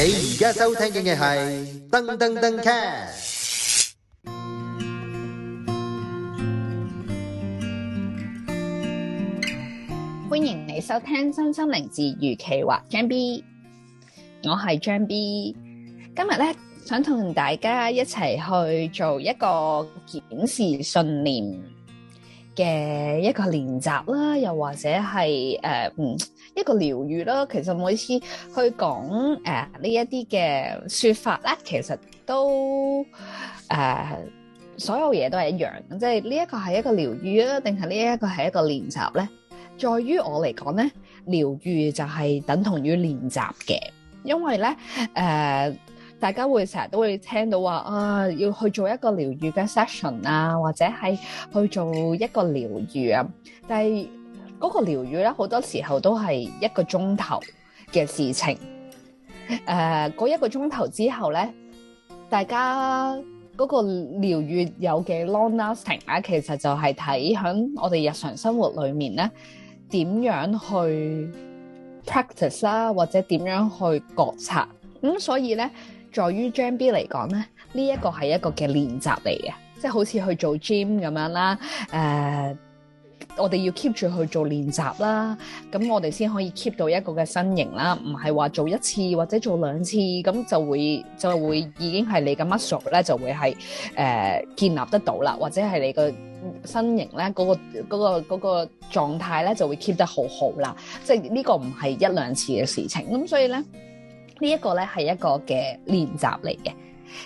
你而家收聽嘅係噔噔噔 cast，歡迎你收聽《身心靈治癒企劃》張 B，我係張 B，今日咧想同大家一齊去做一個檢視信念。嘅一個練習啦，又或者係誒嗯一個療愈啦。其實每次去講誒呢一啲嘅説法咧，其實都誒、呃、所有嘢都係一樣。即係呢一個係一個療愈啊，定係呢一個係一個練習咧？在於我嚟講咧，療愈就係等同於練習嘅，因為咧誒。呃大家會成日都會聽到話啊，要去做一個療愈嘅 session 啊，或者係去做一個療愈啊。但係嗰個療愈咧，好多時候都係一個鐘頭嘅事情。誒、呃，嗰一個鐘頭之後咧，大家嗰個療愈有嘅 long-lasting 咧，其實就係睇響我哋日常生活裡面咧點樣去 practice 啦、啊，或者點樣去覺察。咁、嗯、所以咧。在於 Jam B 嚟講咧，呢一個係一個嘅練習嚟嘅，即係好似去做 gym 咁樣啦。誒、呃，我哋要 keep 住去做練習啦，咁我哋先可以 keep 到一個嘅身形啦，唔係話做一次或者做兩次，咁就會就會已經係你嘅 muscle 咧，就會係誒、呃、建立得到啦，或者係你嘅身形咧、嗰個，嗰、嗰個嗰、嗰個嗰、嗰個、狀態咧就會 keep 得好好啦。即係呢個唔係一兩次嘅事情，咁所以咧。呢一個咧係一個嘅練習嚟嘅，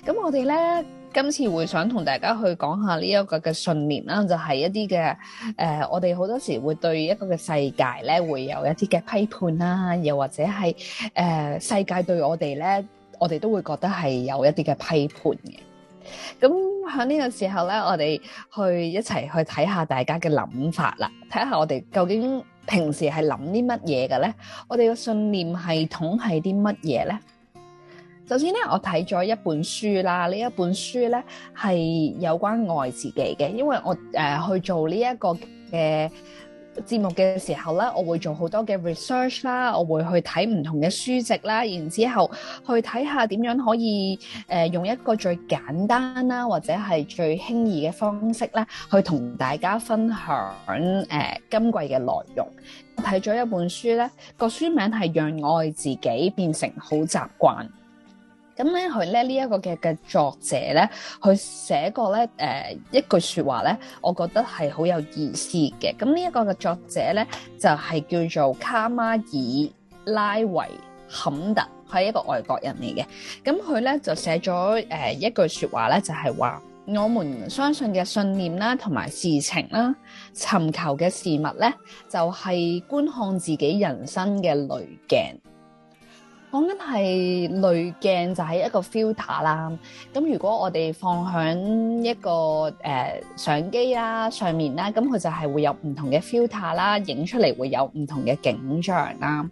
咁我哋咧今次會想同大家去講下呢一個嘅信念啦，就係、是、一啲嘅誒，我哋好多時會對一個嘅世界咧會有一啲嘅批判啦，又或者係誒、呃、世界對我哋咧，我哋都會覺得係有一啲嘅批判嘅。咁喺呢個時候咧，我哋去一齊去睇下大家嘅諗法啦，睇下我哋究竟。平時係諗啲乜嘢嘅咧？我哋嘅信念系統係啲乜嘢咧？首先咧，我睇咗一本書啦，呢一本書咧係有關愛自己嘅，因為我誒、呃、去做呢一個嘅。節目嘅時候咧，我會做好多嘅 research 啦，我會去睇唔同嘅書籍啦，然之後去睇下點樣可以誒、呃、用一個最簡單啦，或者係最輕易嘅方式咧，去同大家分享誒、呃、今季嘅內容。睇咗一本書咧，個書名係《讓愛自己變成好習慣》。咁咧，佢咧呢一、這個嘅嘅作者咧，佢寫過咧誒、呃、一句説話咧，我覺得係好有意思嘅。咁呢一個嘅作者咧，就係、是、叫做卡馬爾拉維坎特，係一個外國人嚟嘅。咁佢咧就寫咗誒、呃、一句説話咧，就係、是、話：我們相信嘅信念啦，同埋事情啦，尋求嘅事物咧，就係、是、觀看自己人生嘅雷鏡。講緊係濾鏡就係一個 filter 啦。咁如果我哋放響一個誒、呃、相機啦上面啦，咁佢就係會有唔同嘅 filter 啦，影出嚟會有唔同嘅景象啦。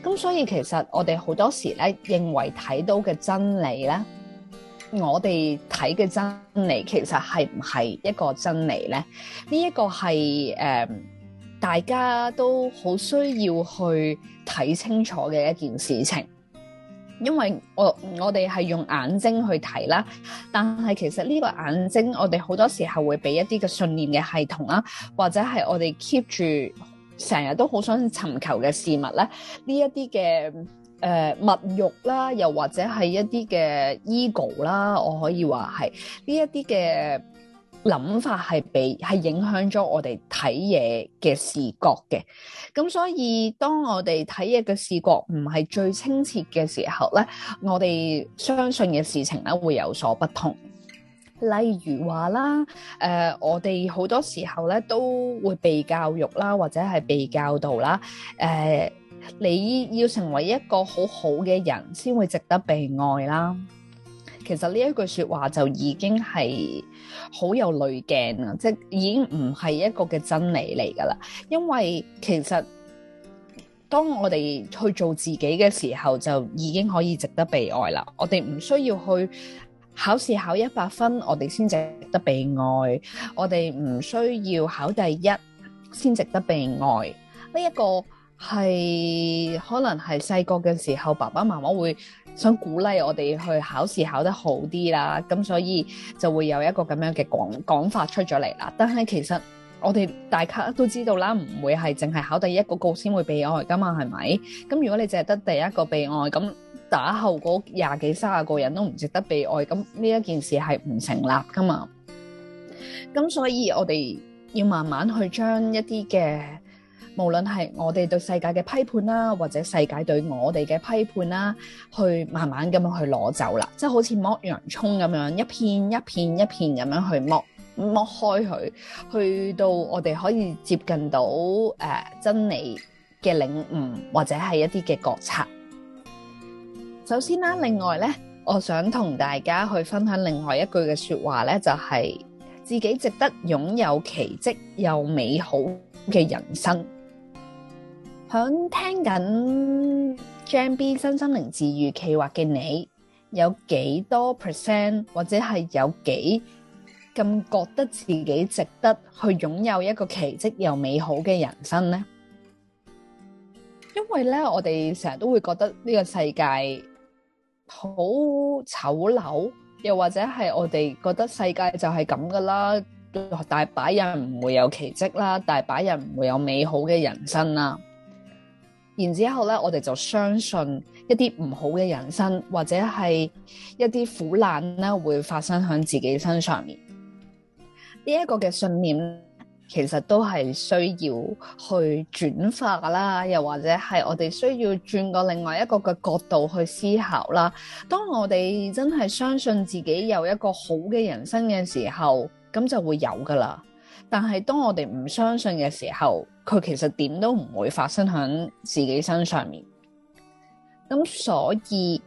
咁所以其實我哋好多時咧認為睇到嘅真理咧，我哋睇嘅真理其實係唔係一個真理咧？呢、這、一個係誒、呃、大家都好需要去睇清楚嘅一件事情。因為我我哋係用眼睛去睇啦，但係其實呢個眼睛，我哋好多時候會俾一啲嘅信念嘅系統啦，或者係我哋 keep 住成日都好想尋求嘅事物咧，呢一啲嘅誒物慾啦，又或者係一啲嘅 ego 啦，我可以話係呢一啲嘅諗法係被係影響咗我哋睇嘢嘅視覺嘅，咁所以當我哋睇嘢嘅視覺唔係最清澈嘅時候咧，我哋相信嘅事情咧會有所不同。例如話啦，誒、呃、我哋好多時候咧都會被教育啦，或者係被教導啦，誒、呃、你要成為一個好好嘅人先會值得被愛啦。其實呢一句説話就已經係好有濾鏡啦，即已經唔係一個嘅真理嚟噶啦。因為其實當我哋去做自己嘅時候，就已經可以值得被愛啦。我哋唔需要去考試考一百分，我哋先值得被愛。我哋唔需要考第一先值得被愛。呢一個係可能係細個嘅時候，爸爸媽媽會想鼓勵我哋去考試考得好啲啦，咁所以就會有一個咁樣嘅講講法出咗嚟啦。但係其實我哋大家都知道啦，唔會係淨係考第一個個先會被愛噶嘛，係咪？咁如果你淨係得第一個被愛，咁打後嗰廿幾三十個人都唔值得被愛，咁呢一件事係唔成立噶嘛。咁所以我哋要慢慢去將一啲嘅。無論係我哋對世界嘅批判啦，或者世界對我哋嘅批判啦，去慢慢咁樣去攞走啦，即係好似剝洋葱咁樣，一片一片一片咁樣去剝剝開佢，去到我哋可以接近到誒、呃、真理嘅領悟，或者係一啲嘅覺察。首先啦、啊，另外咧，我想同大家去分享另外一句嘅説話咧，就係、是、自己值得擁有奇蹟又美好嘅人生。響聽緊《Jam B 真心靈治愈企劃》嘅你，有幾多 percent 或者係有幾咁覺得自己值得去擁有一個奇蹟又美好嘅人生咧？因為咧，我哋成日都會覺得呢個世界好醜陋，又或者係我哋覺得世界就係咁噶啦，大把人唔會有奇蹟啦，大把人唔會有美好嘅人生啦。然之後咧，我哋就相信一啲唔好嘅人生，或者係一啲苦難咧，會發生喺自己身上面。呢一個嘅信念其實都係需要去轉化啦，又或者係我哋需要轉個另外一個嘅角度去思考啦。當我哋真係相信自己有一個好嘅人生嘅時候，咁就會有噶啦。但係當我哋唔相信嘅時候，佢其實點都唔會發生喺自己身上面，咁所以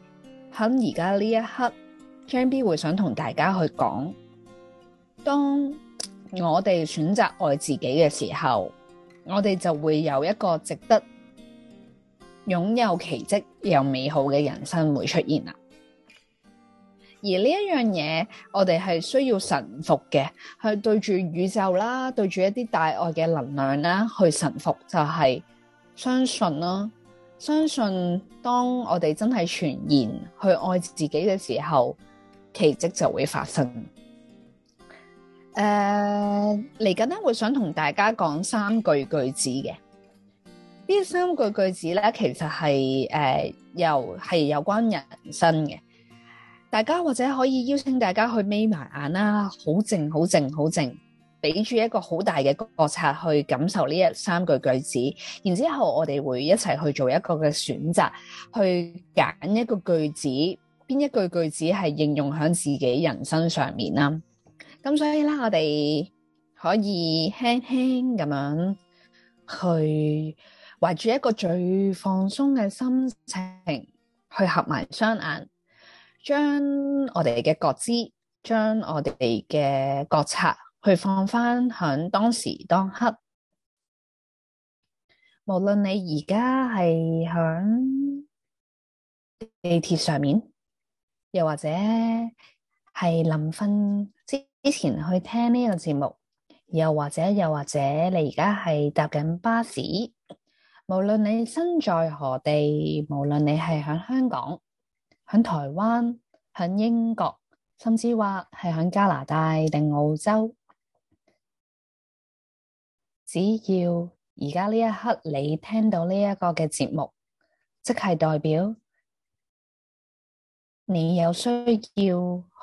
喺而家呢一刻 ，Jamby 會想同大家去講，當我哋選擇愛自己嘅時候，我哋就會有一個值得擁有奇蹟又美好嘅人生會出現啦。而呢一樣嘢，我哋係需要臣服嘅，去對住宇宙啦，對住一啲大愛嘅能量啦，去臣服就係、是、相信啦，相信當我哋真係全然去愛自己嘅時候，奇蹟就會發生。誒、呃，嚟緊咧會想同大家講三句句子嘅，呢三句句子咧其實係誒又係有關人生嘅。大家或者可以邀請大家去眯埋眼啦，好靜，好靜，好靜，俾住一個好大嘅覺察去感受呢一三句句子，然之後我哋會一齊去做一個嘅選擇，去揀一個句子，邊一句句子係應用喺自己人生上面啦。咁所以啦，我哋可以輕輕咁樣去懷住一個最放鬆嘅心情，去合埋雙眼。將我哋嘅覺知，將我哋嘅覺察去放翻響當時當刻。無論你而家係響地鐵上面，又或者係臨瞓之前去聽呢個節目，又或者又或者你而家係搭緊巴士，無論你身在何地，無論你係響香港。喺台灣、喺英國，甚至話係喺加拿大定澳洲，只要而家呢一刻你聽到呢一個嘅節目，即係代表你有需要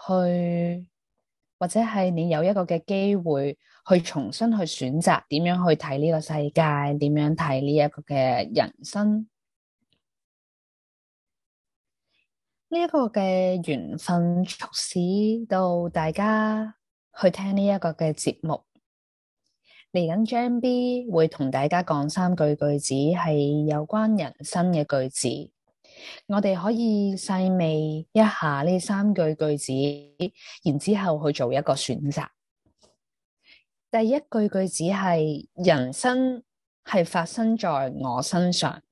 去，或者係你有一個嘅機會去重新去選擇點樣去睇呢個世界，點樣睇呢一個嘅人生。呢一個嘅緣分促使到大家去聽呢一個嘅節目。嚟緊 Jam B 會同大家講三句句子係有關人生嘅句子，我哋可以細味一下呢三句句子，然之後去做一個選擇。第一句句子係人生係發生在我身上。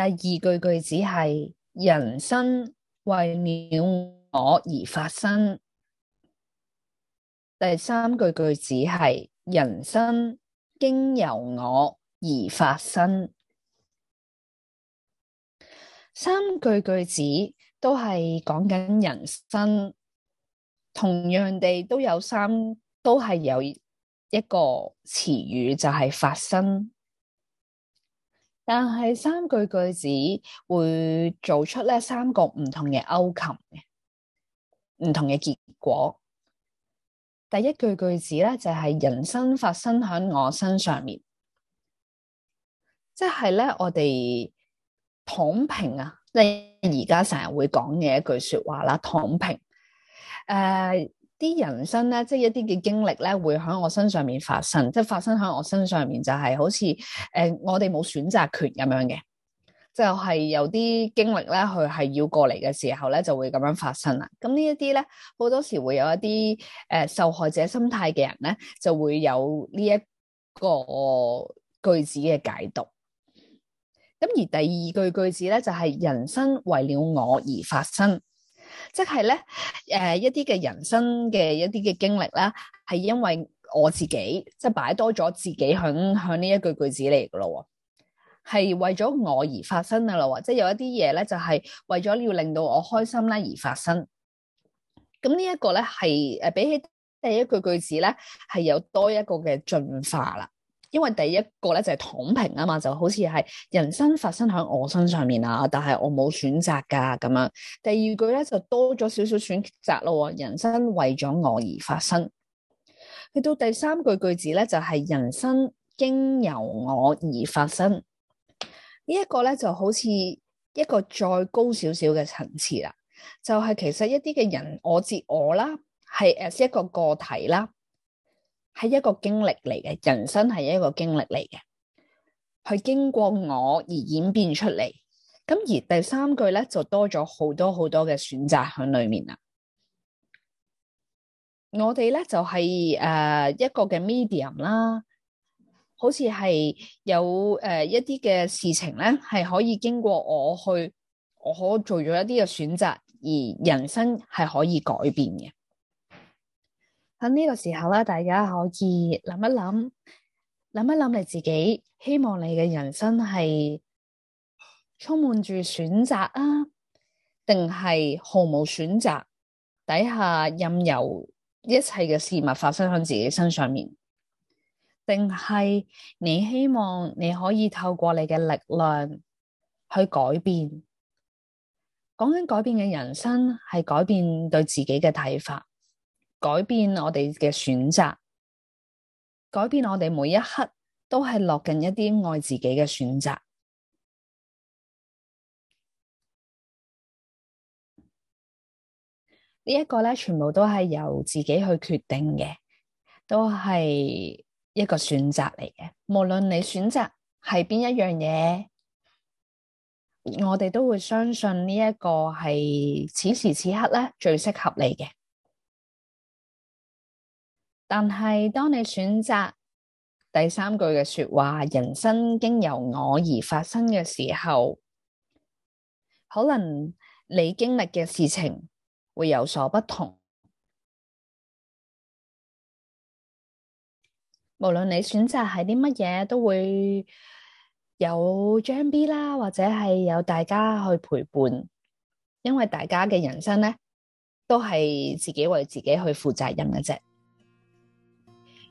第二句句子係人生為了我而發生，第三句句子係人生經由我而發生。三句句子都係講緊人生，同樣地都有三，都係有一個詞語就係發生。但係三句句子會做出咧三個唔同嘅勾琴嘅唔同嘅結果。第一句句子咧就係、是、人生發生喺我身上面，即係咧我哋躺平啊！你而家成日會講嘅一句說話啦，躺平。誒、uh,。啲人生咧，即係一啲嘅經歷咧，會喺我身上面發生，即係發生喺我身上面就係好似誒我哋冇選擇權咁樣嘅，就係有啲經歷咧，佢係要過嚟嘅時候咧，就會咁樣發生啦。咁呢一啲咧，好多時會有一啲誒受害者心態嘅人咧，就會有呢一個句子嘅解讀。咁而第二句句子咧，就係人生為了我而發生。即係咧，誒，一啲嘅人生嘅一啲嘅經歷啦，係因為我自己，即係擺多咗自己響響呢一句句子嚟噶咯，係為咗我而發生噶咯，即係有一啲嘢咧，就係為咗要令到我開心啦而發生。咁呢一個咧係誒比起第一句句子咧係有多一個嘅進化啦。因為第一個咧就係躺平啊嘛，就好似係人生發生喺我身上面啊，但係我冇選擇㗎咁樣。第二句咧就多咗少少選擇咯，人生為咗我而發生。去到第三句句子咧就係、是、人生經由我而發生。這個、呢一個咧就好似一個再高少少嘅層次啦，就係、是、其實一啲嘅人我自我啦，係誒一個個體啦。係一個經歷嚟嘅，人生係一個經歷嚟嘅，佢經過我而演變出嚟。咁而第三句咧就多咗好多好多嘅選擇喺裏面啦。我哋咧就係、是、誒一個嘅 medium 啦，好似係有誒一啲嘅事情咧係可以經過我去，我做咗一啲嘅選擇，而人生係可以改變嘅。喺呢個時候咧，大家可以諗一諗，諗一諗你自己，希望你嘅人生係充滿住選擇啊，定係毫無選擇，底下任由一切嘅事物發生喺自己身上面？定係你希望你可以透過你嘅力量去改變？講緊改變嘅人生，係改變對自己嘅睇法。改變我哋嘅選擇，改變我哋每一刻都係落緊一啲愛自己嘅選擇。這個、呢一個咧，全部都係由自己去決定嘅，都係一個選擇嚟嘅。無論你選擇係邊一樣嘢，我哋都會相信呢一個係此時此刻咧最適合你嘅。但係，當你選擇第三句嘅說話，人生經由我而發生嘅時候，可能你經歷嘅事情會有所不同。無論你選擇係啲乜嘢，都會有 Jam B 啦，或者係有大家去陪伴，因為大家嘅人生咧，都係自己為自己去負責任嘅啫。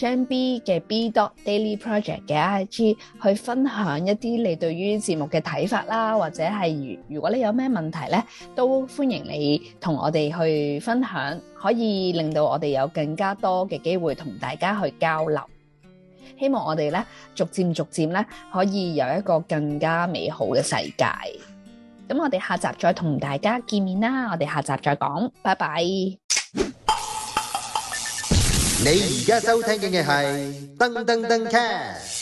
將 B 嘅 B dot Daily Project 嘅 IG 去分享一啲你對於節目嘅睇法啦，或者係如如果你有咩問題咧，都歡迎你同我哋去分享，可以令到我哋有更加多嘅機會同大家去交流。希望我哋咧逐漸逐漸咧可以有一個更加美好嘅世界。咁我哋下集再同大家見面啦，我哋下集再講，拜拜。你而家收聽嘅係噔噔噔 cat